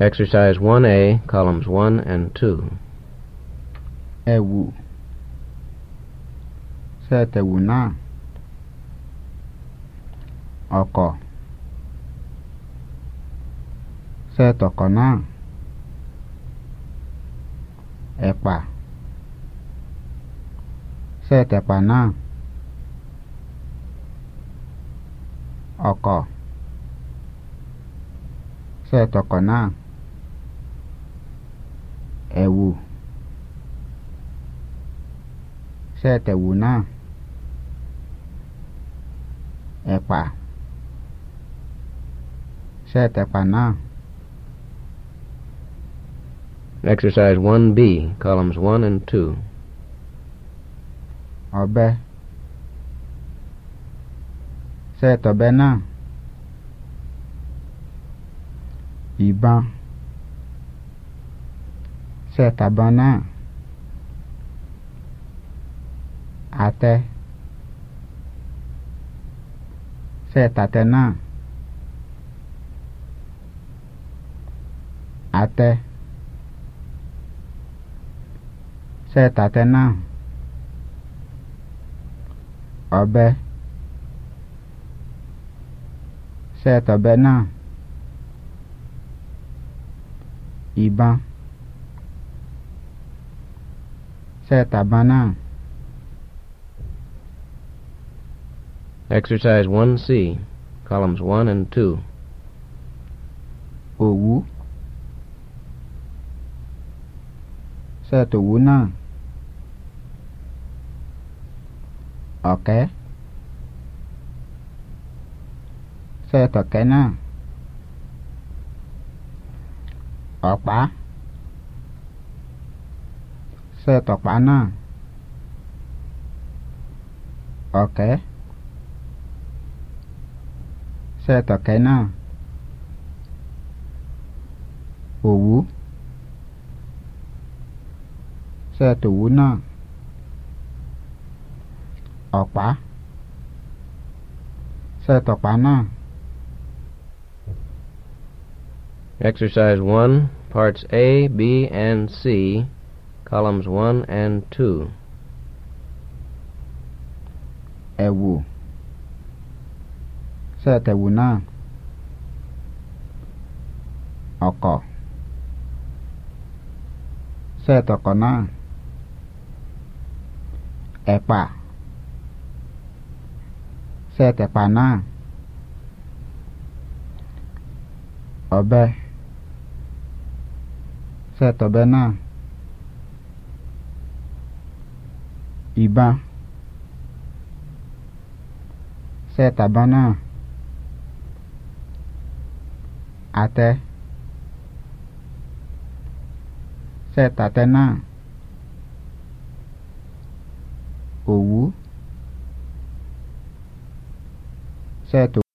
Exercise 1A, columns 1 and 2. Ẹ̀wù. Sete wuna. náà? Ọkọ̀. Ṣé tọkọ̀ Ẹ̀pà. Sete tẹ̀pà náà? Ọkọ̀. Ṣé tọkọ̀ Epa. แต่วูแซ่แต่วูหน้าแอปะแซ่แต่ปะหน้า Exercise 1B, columns 1 and 2. Obe. Set obe Iban. Setabana atɛ Setatena atɛ Setatena ɔbɛ Sɛtɔbɛna iban Setabana. Exercise 1C, columns 1 and 2. Owu. na. Okay. Set Setọ̀kẹ́ na. Ọ̀pá setok mana? Oke. Setok kena. Owu. Setok wuna. Opa. Setok pana. Exercise 1, parts A, B, and C columns 1 and 2. Ẹ̀wù. Ṣé Ewu náà? Ọkọ̀. Ṣé tọkọ̀ Ẹ̀pà. Ṣé tẹ̀pà na. Ọ̀bẹ. Ṣé tọ̀bẹ na. ìbọn sẹ́ẹ̀tàbọn náà àtẹ sẹ́ẹ̀tàtẹ náà òwú sẹ́ẹ̀tò.